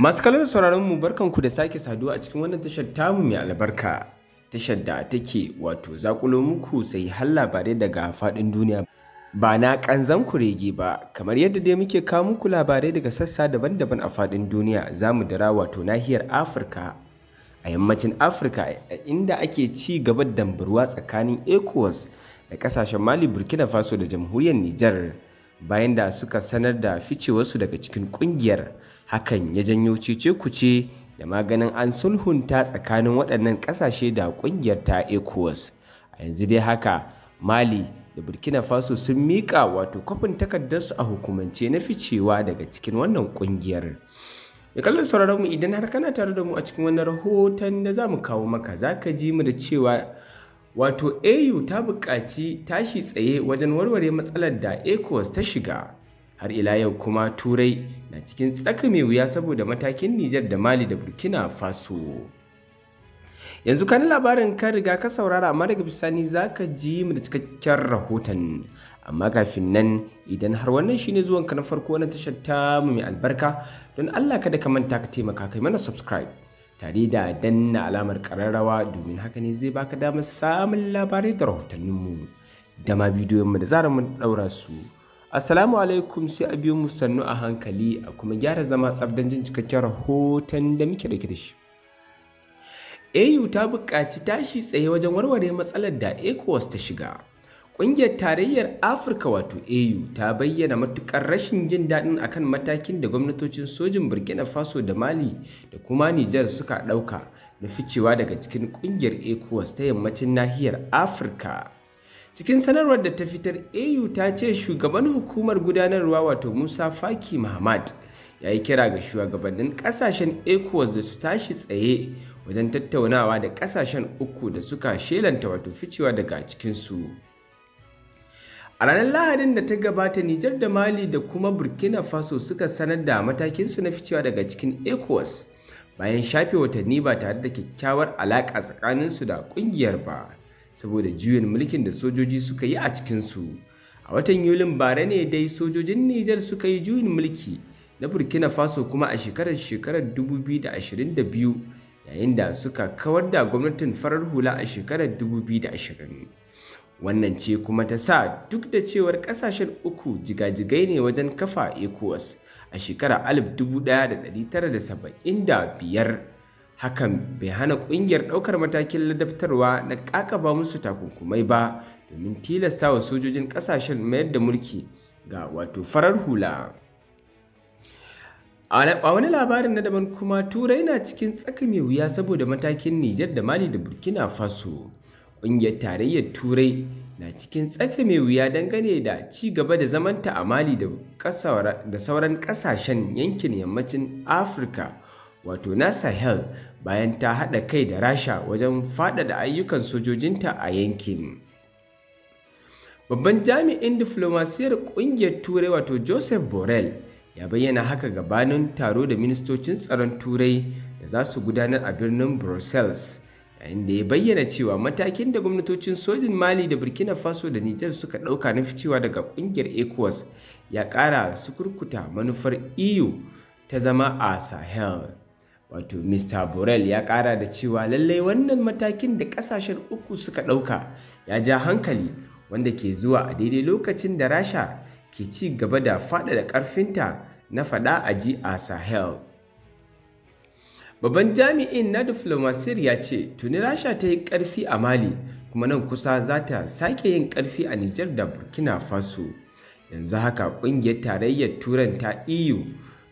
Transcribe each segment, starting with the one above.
Masu sauraron mu barkan ku da sake saduwa a cikin wannan tashar tamu mai albarka. Tashar da take wato zakulo muku sai har labarai daga faɗin duniya. Ba na ƙanzan kurege ba, kamar yadda dai muke kawo muku labarai daga sassa daban-daban a faɗin duniya za mu dira wato nahiyar Afirka. A yammacin Afirka inda ake ci gaba da tsakanin ECOWAS da ƙasashen Mali, Burkina Faso da jamhuriyar Nijar. bayan da suka sanar da ficewarsu daga cikin kungiyar hakan ya janyo cece kuce da maganin an sulhunta tsakanin waɗannan ƙasashe da ƙungiyar ta ecowas a yanzu dai haka mali da burkina faso sun miƙa wato kwafin takardarsu a hukumance na ficewa daga cikin wannan ƙungiyar. da kallon sauraron mu idan har kana tare da mu a cikin wani rahoton da za mu kawo maka za ka ji mu da cewa wato au ta buƙaci tashi tsaye wajen warware matsalar da ecowas ta shiga har ila yau kuma turai na cikin tsaka mai wuya saboda matakin nijar da mali da burkina faso yanzu kan labarin ka riga ka saurara amma daga bisani za ka ji mu da cikakken rahoton amma kafin nan idan har wannan shine ka na farko na tashar ta mu mai albarka don allah kada ka manta ka taimaka kai mana subscribe tare da danna alamar kararrawa domin haka ne zai baka damar samun labarai da rahotanninmu da ma bidiyonmu da zarar mun daura su assalamu alaikum sai a biyo mu sannu a hankali a kuma gyara zama tsabdan jin cikakken rahoton da muke dauke da shi AU ta buƙaci tashi tsaye wajen warware matsalar da ECOWAS ta shiga Ƙungiyar Tarayyar Afirka wato AU ta bayyana matuƙar rashin jin daɗin akan matakin da gwamnatocin sojin Burkina Faso da Mali da kuma Nijar suka ɗauka na ficewa daga cikin ƙungiyar ECOWAS ta yammacin nahiyar Afirka. Cikin sanarwar da ta fitar AU ta ce shugaban hukumar gudanarwa wato Musa Faki Muhammad ya yi kira ga shugabannin ƙasashen ECOWAS da su tashi tsaye wajen tattaunawa da ƙasashen uku da suka shelanta wato ficewa daga cikinsu. A ranar Lahadin da ta gabata Nijar da Mali da kuma Burkina Faso suka sanar da matakinsu na ficewa daga cikin ECOWAS bayan shafe watanni ba tare da kyakkyawar alaƙa tsakaninsu da ƙungiyar ba saboda juyin mulkin da sojoji suka yi a cikinsu. A watan Yulin bara ne dai sojojin Nijar suka yi juyin mulki na Burkina Faso kuma a shekarar shekarar 2022 yayin da suka kawar da gwamnatin farar hula a shekarar 2020. wannan ce kuma ta sa duk da cewar kasashen uku jigajigai ne wajen kafa ecowas a shekarar 1975 hakan bai hana kungiyar daukar matakin ladabtarwa na kakaba musu takunkumai ba domin tilasta wa sojojin kasashen mayar da mulki ga wato farar hula a wani labarin na daban kuma turai na cikin tsaka mai saboda matakin nijar da mali da burkina faso ƙungiyar tarayyar turai na cikin tsaka mai wuya dangane da ci gaba da zamanta a mali da sauran ƙasashen yankin yammacin afirka wato na sahel bayan ta haɗa kai da rasha wajen faɗaɗa ayyukan sojojinta a yankin babban jami'in diflomasiyar ƙungiyar turai wato joseph borrell ya bayyana haka gabanin taro da ministocin tsaron turai da za su gudanar a birnin brussels inda ya bayyana cewa matakin da gwamnatocin sojin mali da burkina faso da Niger suka ɗauka na ficewa daga ƙungiyar ecowas ya ƙara su kurkuta manufar eu ta zama a sahel wato mr Borel ya ƙara da cewa lallai wannan matakin da ƙasashen uku suka ɗauka ya ja hankali wanda ke zuwa a daidai lokacin da rasha ke ci gaba da faɗaɗa ƙarfinta na faɗa a ji a sahel Babban jami'in na diflomasir ya ce tuni Rasha ta yi ƙarfi a Mali kuma nan kusa za ta sake yin ƙarfi a Nijar da Burkina Faso. Yanzu haka ƙungiyar tarayyar Turan ta EU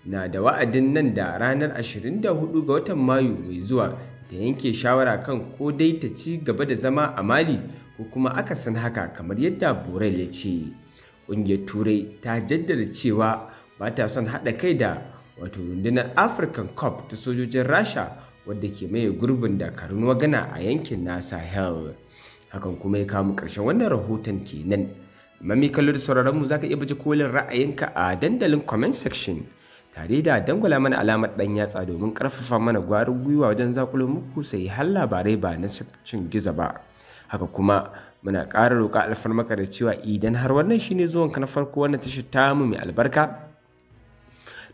na da wa'adin nan da ranar 24 ga watan Mayu mai zuwa ta yanke shawara kan ko dai ta ci gaba da zama a Mali ko kuma aka san haka kamar yadda Borel ya ce. Ƙungiyar Turai ta jaddada cewa ba ta son haɗa kai da wato rundunar african cup ta sojojin rasha wadda ke maye gurbin dakarun wagana a yankin nasa sahel hakan kuma ya kamu karshen wannan rahoton kenan mami kallo da sauraron mu zaka iya baje kolin ra'ayinka a dandalin comment section tare da dangwala mana alamar dan yatsa domin karfafa mana gwarin gwiwa wajen zakulo muku sai har labarai ba na cin giza ba haka kuma muna ƙara roƙa alfarmaka da cewa idan har wannan shine zuwanka na farko wannan tashar tamu mai albarka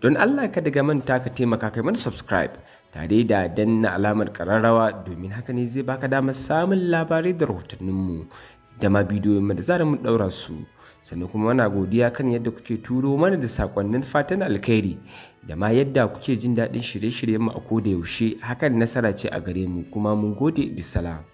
don Allah ka daga manta ka taimaka kai mana subscribe tare da danna alamar kararrawa domin haka ne zai baka damar samun labarai da rahotanninmu da ma bidiyoyinmu da za mu daura su sannan kuma muna godiya kan yadda kuke turo mana da sakonnin fatan alkhairi da ma yadda kuke jin daɗin shirye-shiryenmu a koda yaushe hakan nasara ce a gare mu kuma mun gode bisala